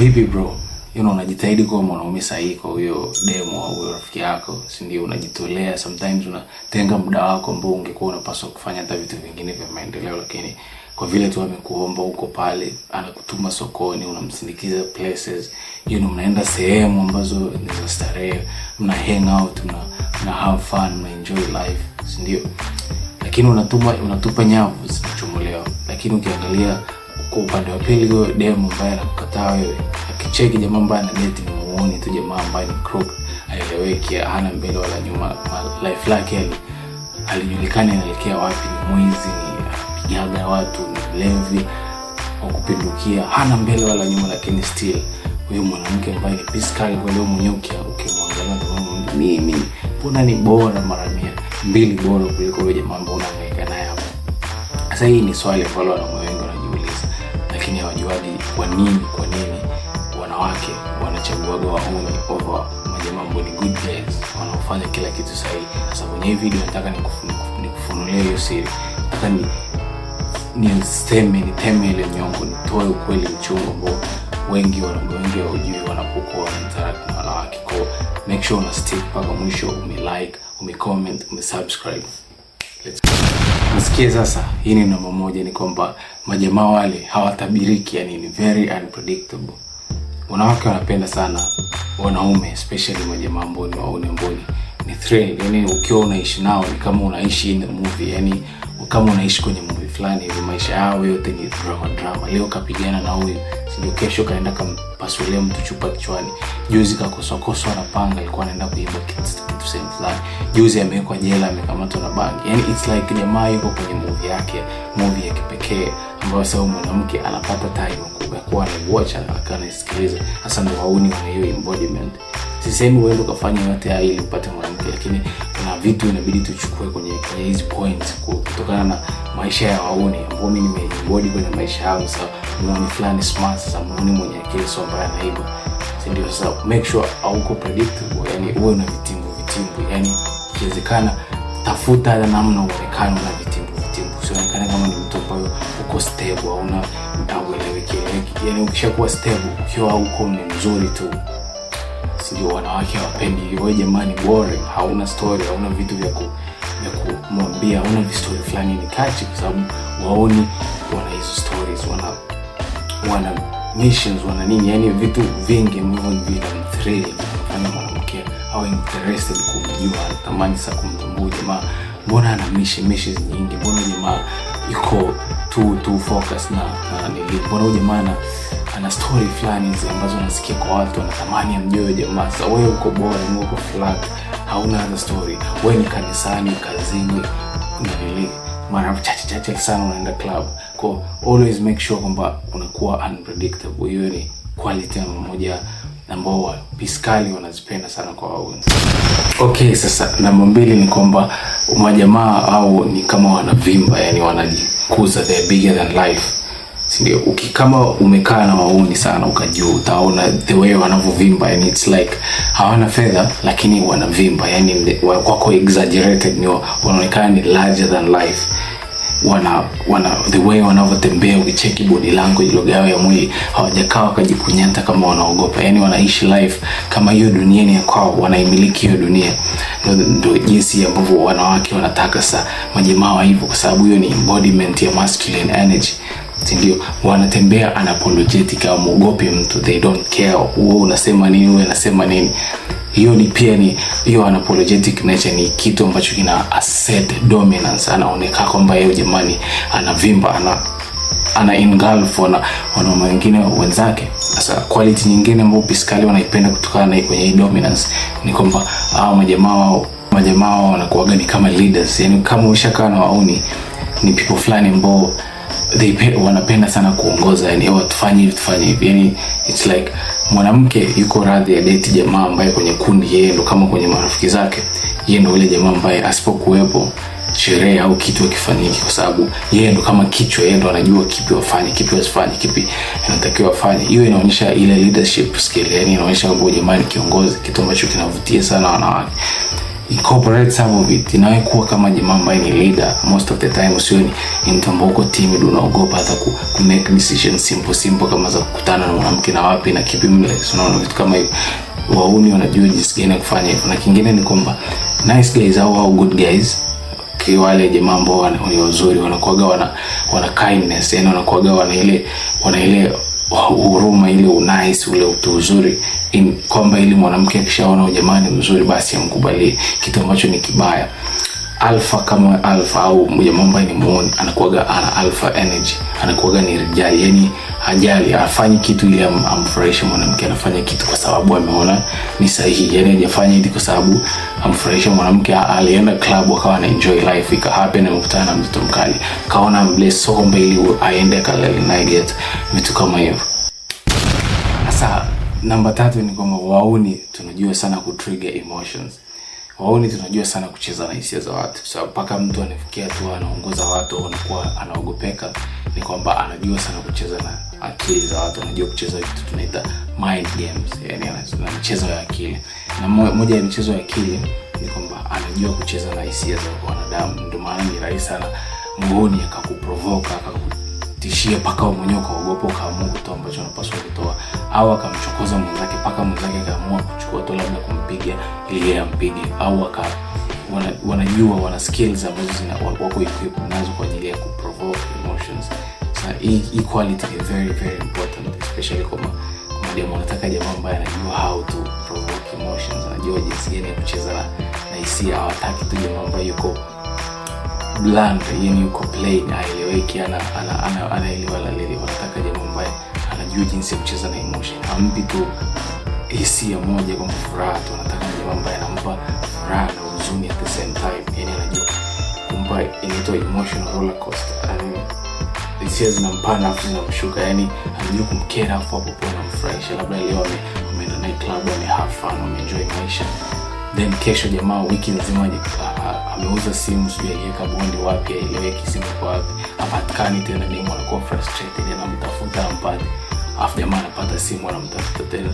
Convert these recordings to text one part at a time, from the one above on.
vipi bro, you know, unajitahidi kuwa mwanaume sahihi kwa huyo demo au huyo rafiki yako, si ndio? Unajitolea, sometimes unatenga muda wako ambao ungekuwa unapaswa kufanya hata vitu vingine vya maendeleo, lakini kwa vile tu amekuomba huko pale, anakutuma sokoni, unamsindikiza places, you know, mnaenda sehemu ambazo ni za starehe, mna hang out, mna, mna have fun, mna enjoy life, si ndio? Lakini unatuma unatupa nyavu zinachomolewa, lakini ukiangalia kwa upande wa pili huyo demu ambaye anakukataa wewe akicheki jamaa ambaye ana date ni muone tu jamaa ambaye ni crook aeleweki, hana mbele wala nyuma, life lake yani alijulikana inaelekea wapi, ni mwizi, ni apigaga watu, ni mlevi wa kupindukia, hana mbele wala nyuma, lakini still huyo mwanamke ambaye ni piskali kwa leo mnyuki, ukimwangalia unaona mimi mbona ni bora mara mia mbili bora kuliko yule jamaa ambaye unahangaika naye hapo. Sasa hii ni swali ambalo wanamoyo nini, kwa nini wanawake wanachaguaga wahuni over majamaa ambao ni good guys, wanaofanya kila kitu sahihi. Sasa kwenye hii video nataka nikufunulie hiyo siri, nataka ni niseme teme ile nyongo, nitoe ukweli mchungu ambao wengi wanaume wengi hawajui wanapokuwa wanainteract na wanawake. Kwa make sure una stick mpaka mwisho, ume like, ume comment, ume subscribe. Let's go. Nasikia sasa, hii ni namba moja, ni kwamba majamaa wale hawatabiriki, yani ni very unpredictable. Wanawake wanapenda sana wanaume, especially majamaa mboni, waone mboni ni thrill, yani ukiwa unaishi nao ni kama unaishi in the movie, yani kama unaishi kwenye movie fulani hivi, maisha yao yote ni drama drama. Leo kapigana na huyu, sijui kesho kaenda kampasulia mtu chupa kichwani, juzi kakoswakoswa na panga, alikuwa anaenda kuiba kitu sehemu fulani, juzi amewekwa jela, amekamatwa na bangi. Yani it's like jamaa yuko kwenye movie yake, movie ya kipekee ambayo sasa mwanamke anapata time kuwa anaiwatch anaisikiliza. Hasa ndo wauni wa hiyo embodiment. Sisemi uende ukafanya yote haya ili upate mwanamke, lakini kuna vitu inabidi tuchukue kwenye hizi point kutokana na maisha ya wauni ambao mimi nimejibodi kwenye maisha yangu. Sasa muone fulani smart, sasa muone mwenye akili sio mbaya na hivyo, ndio? Sasa make sure auko predict, yani uwe na vitimbo vitimbo, yani ikiwezekana tafuta na namna uonekane na vitimbo vitimbo, usionekane kama ni mtu ambaye uko stable au una ueleweki. Yani ukishakuwa stable, ukiwa uko ni mzuri tu sijui wanawake hawapendi, wewe jamani, boring, hauna story, hauna vitu vya ku vya kumwambia, hauna vistori fulani ni kachi, kwa sababu waoni wana hizo stories, wana wana missions, wana nini, yani vitu vingi ambavyo ni vina mthrili vinafanya mwanamke au interested kumjua, anatamani sa kumtambua jamaa, mbona ana mishi mishi nyingi, mbona jamaa iko tu tu focus na, na nili, mbona jamaa na ana story fulani hizi ambazo unasikia kwa watu wanatamani amjue jamaa. Sasa wewe uko bora, wewe uko flat, hauna other story. Wewe ni kanisani, kazini, nilili mara chache chache sana unaenda club. Kwa always make sure kwamba unakuwa unpredictable. Hiyo ni quality moja ambao piskali wanazipenda sana kwa wao. Okay, sasa namba mbili ni kwamba majamaa au ni kama wanavimba, yani wanajikuza, they bigger than life sindio ndio? Kama umekaa na maoni sana ukajua utaona the way wanavovimba, and it's like hawana fedha lakini wanavimba, yani wako exaggerated, ni wanaonekana ni larger than life wana wana the way wanavyotembea, ukicheki body language, lugha yao ya mwili, hawajakaa wakajikunyata kama wanaogopa. Yani wanaishi life kama hiyo dunia ni ya kwao, wanaimiliki hiyo dunia. Ndio jinsi ambavyo wanawake wanataka sa majamaa hivyo, kwa sababu hiyo ni embodiment ya masculine energy. Sindio? Wanatembea unapologetic, hawamuogopi mtu, they don't care wewe unasema nini, wewe unasema nini. Hiyo ni pia ni hiyo anapologetic nature, ni kitu ambacho kina asset dominance. Anaonekana kwamba yeye jamani, anavimba ana ana engulf wana wanaume wengine wenzake. Sasa quality nyingine ambayo piskali wanaipenda kutokana na kwenye hii dominance ni kwamba hao majamaa wao majamaa wanakuwaga ni kama leaders, yani kama ushakaa na wauni ni people fulani ambao they pay, wanapenda sana kuongoza yani, au oh, tufanye hivi tufanye hivi yani, it's like mwanamke yuko radhi ya date jamaa ambaye kwenye kundi yeye ndo kama kwenye marafiki zake yeye ndo yule jamaa ambaye asipokuwepo sherehe au kitu akifanyiki, kwa sababu yeye ndo kama kichwa, yeye ndo anajua kipi wafanye, kipi wasifanye, kipi anatakiwa afanye. Hiyo inaonyesha ile leadership skill, yani inaonyesha kwamba jamaa ni kiongozi, kitu ambacho kinavutia sana wanawake incorporate some of it. Inawahi kuwa kama jamaa ambaye ni leader most of the time, sio ni mtu ambao uko timid, unaogopa hata ku, ku make decisions simple simple kama za kukutana na mwanamke na wapi na kipi mle, unaona vitu kama hivyo. Wauni wanajua jinsi gani kufanya hivyo, na kingine ni kwamba nice guys au au good guys wale jamaa ambao ni wazuri wanakuaga wana, wana kindness yani wanakuaga wana ile wana ile wa huruma, ile unahisi ule utu uzuri, kwamba ili mwanamke akishaona ujamani mzuri, basi amkubalie kitu ambacho ni kibaya alpha kama alpha au jamaa ambaye ni muone anakuwaga ana alpha energy, anakuwaga ni rijali, yani hajali, afanye kitu ili am, amfurahishe mwanamke. Anafanya kitu kwa sababu ameona ni sahihi, yani hajafanya hivi kwa sababu amfurahishe mwanamke. Alienda club akawa na enjoy life, ika happen, amekutana na mtoto mkali, kaona mble sombe, ili aende na naye, vitu kama hivyo. Sasa namba tatu ni kwamba wauni tunajua sana kutrigger emotions waoni tunajua sana kucheza na hisia za watu, kwa sababu mpaka mtu anafikia tu anaongoza watu au anakuwa anaogopeka, ni kwamba anajua sana kucheza na akili za watu, anajua kucheza vitu tunaita mind games, yani na michezo ya akili. Na moja ya michezo ya akili ni kwamba anajua kucheza na hisia za wanadamu, ndio maana ni rahisi sana muoni akakuprovoka akakutishia mpaka mwenyewe ukaogopa, ukaamua kutoa ambacho anapaswa kutoa au akamchokoza mwenzake mpaka mwenzake akaamua kuchukua tu labda kumpiga ili yeye ampige, au aka wanajua wana skills ambazo zina wako equipped nazo kwa ajili ya ku provoke emotions. So e, equality is very very important especially kwa mademu, anataka jamaa ambaye anajua how to provoke emotions, anajua jinsi gani ya kucheza na hisia. Hawataki tu jamaa ambaye yuko bland, yani yuko plain, haeleweki, ana ana anaelewa ana, ana, ana, anajua jinsi ya kucheza na emotion, hampi tu hisia moja kwa furaha tu, anataka jambo ambaye anampa furaha na huzuni at the same time, yani anajua kumpa, inaitwa emotional roller coaster, yani hisia zinampanda afu zinamshuka, yani anajua kumkera afu hapo kwa anamfurahisha, labda leo ameenda night club, amehave fun, ameenjoy maisha then kesho jamaa wiki nzima ameuza simu, sijui aliweka bondi wapi, aileweki simu kwa wapi, hapatikani tena, demu anakuwa frustrated, anamtafuta ampate afu jamaa anapata simu anamtafuta tena,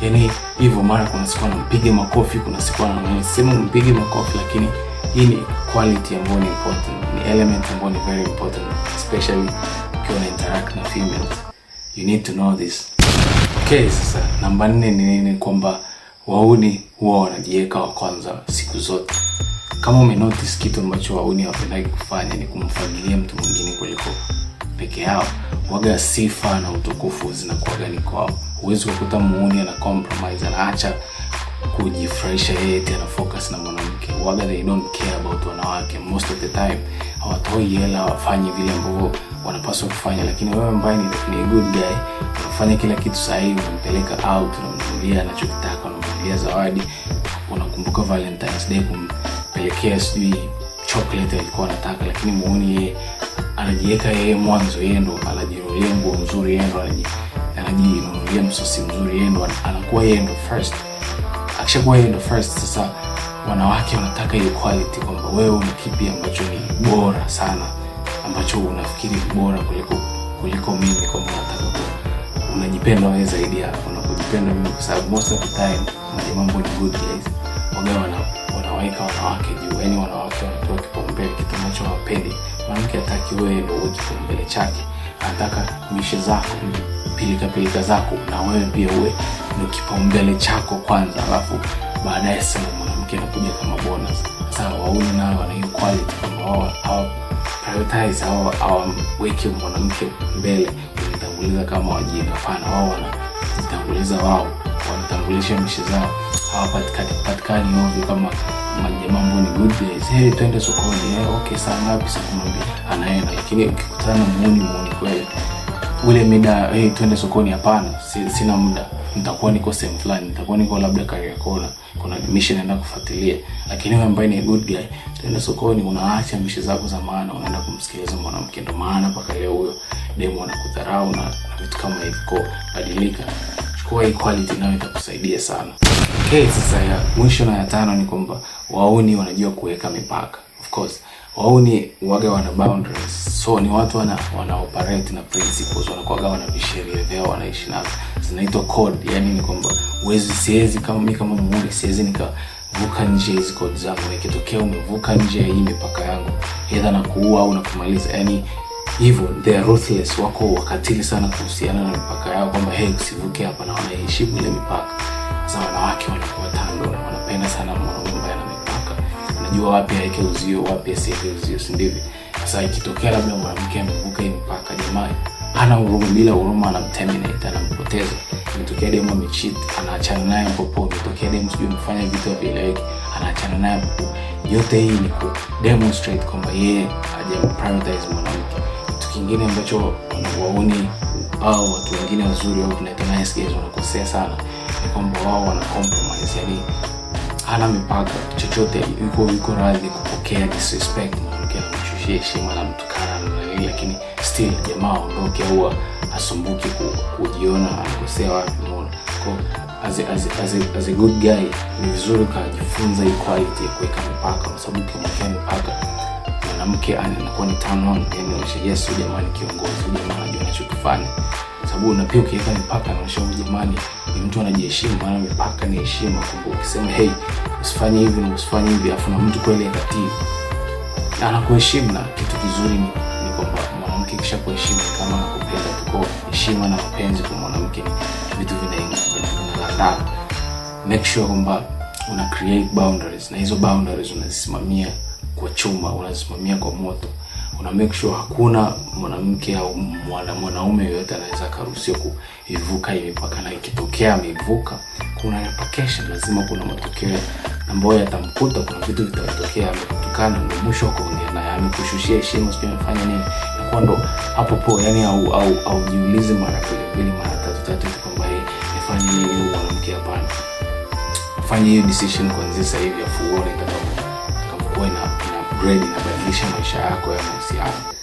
yani hivyo. Mara kuna siku anampiga makofi, kuna siku anasema mpige makofi, lakini hii ni quality ambayo ni important, ni element ambayo ni very important, especially ukiwa na interact na females, you need to know this. Okay, sasa namba nne ni nini? Kwamba wauni huwa wanajiweka wa kwanza siku zote. Kama umenotice kitu ambacho wauni hawapendagi kufanya ni kumfamilia mtu mwingine kuliko peke yao waga sifa na utukufu zinakuwaga ni kwao. Huwezi kukuta muuni ana compromise, anaacha kujifurahisha yeye eti ana focus na mwanamke. Waga they don't care about wanawake most of the time, hawatoi hela, wafanyi vile ambavyo wanapaswa kufanya. Lakini wewe ambaye ni, ni good guy, unafanya kila kitu sahihi, unampeleka out, unamnunulia anachokitaka, unamnunulia zawadi, unakumbuka Valentine's Day kumpelekea sijui chocolate alikuwa anataka, lakini muuni yeye anajiweka yeye mwanzo, yeye ndo anajinunulia nguo nzuri, yeye ndo anajinunulia msosi mzuri, yeye ndo anakuwa yeye ndo first. Akishakuwa yeye ndo first, sasa wanawake wanataka hiyo quality kwamba wewe una kipi ambacho ni bora sana ambacho unafikiri bora kuliko kuliko mimi, kwamba nataka unajipenda wewe zaidi ya unapojipenda mimi, kwa sababu most of the time mambo ni good guys wagawa wanaweka wanawake juu, yani wanawake wanatoka Mwanamke hataki wewe uweke kipaumbele chake, anataka mishe zako, pilikapilika zako, na wewe pia uwe ndio kipaumbele chako kwanza, alafu baadaye sana mwanamke anakuja kama bonus. Sasa waume nao wana hiyo quality kwamba wao prioritize au hawamweki mwanamke mbele, wanatanguliza kama wajinga. Hapana, wao wanajitanguliza wao, wanatangulisha mishe zao, hawapatikani patikani ovyo kama Maji mambo ni good days. Hey, twende sokoni. Hey, eh, okay, saa ngapi? Saa kumi na mbili. Anaenda, lakini ukikutana muoni muoni kweli ule mida. Hey, twende sokoni. Hapana, sina muda, nitakuwa niko sehemu fulani, nitakuwa niko labda Kariakona, kuna mission naenda kufuatilia. Lakini wewe ambaye ni good guy, twende sokoni, unaacha mishi zako za maana, unaenda kumsikiliza mwanamke. Ndio maana mpaka leo huyo demo anakudharau na vitu kama hivyo. Badilika, chukua equality nayo itakusaidia sana okay sasa ya mwisho na ya tano ni kwamba wauni wanajua kuweka mipaka. Of course, wauni waga wana boundaries. So ni watu wana, wana operate na principles, wanakuwa wana visheria vyao wanaishi nazo. Zinaitwa code. yani ni kwamba uwezi siwezi kama mimi kama muumri siwezi nikavuka nje hizo code zangu. Ikitokea umevuka nje ya hii mipaka yangu, aidha na kuua au na kumaliza. yani hivyo they are ruthless, wako wakatili sana kuhusiana na mipaka yao kwamba hey, usivuke hapa, na wanaiheshimu ile mipaka za wanawake anajua wapi aweke uzio, wapi asiweke uzio, si ndivyo? Sasa ikitokea labda mwanamke amevuka mpaka, jamani, ana huruma, bila huruma anamterminate, anampoteza. Imetokea demu amechit anaachana naye popo. Imetokea demu sijui amefanya vitu havieleweki, anaachana naye popo. Yote hii ni ku demonstrate kwamba yeye hajamprioritize mwanamke. Kitu kingine ambacho wauni au watu wengine wazuri au tunaita nice guys wanakosea sana ni kwamba wao wana compromise, yani hana mipaka, chochote yuko yuko radhi kupokea disrespect, mwanamke anamshushia heshima na mtukana na nini, lakini still jamaa aondoke huwa asumbuki kujiona anakosea wapi. Unaona, kwa as a, as a, as a, as a good guy ni vizuri kajifunza hii quality ya kuweka mipaka, kwa sababu kimwekea mipaka mwanamke anakuwa ni turn yani yes, huyu jamaa ni kiongozi, jamaa anajua anachokifanya sababu na pia ukiweka mipaka na jamani, ni mtu anajiheshimu, maana mipaka ni heshima. Kwa ukisema hey, usifanye hivi na usifanye hivi, afu na mtu kweli akatii, anakuheshimu. Na kitu kizuri ni, ni kwamba mwanamke kisha kuheshimu kama anakupenda, tuko heshima na mapenzi kwa mwanamke, vitu vinaenda vinaenda. Make sure kwamba una create boundaries na hizo boundaries unazisimamia kwa chuma, unazisimamia kwa moto una make sure hakuna mwanamke au mwana mwanaume yoyote anaweza akaruhusiwa kuivuka hii mipaka, na ikitokea ameivuka, kuna repercussion, lazima kuna matokeo ambayo yatamkuta, kuna vitu vitatokea, amekutukana, ndio mwisho wa kuongea naye, kushushia heshima, sio amefanya nini, na kwa ndo hapo po, yani au au au mara pili mbili mara tatu tatu kwamba yeye afanye nini huyu mwanamke. Hapana, fanye hiyo decision kuanzia sasa hivi, afuone kama kama kwa ina upgrade inabadilisha maisha yako ya mahusiano.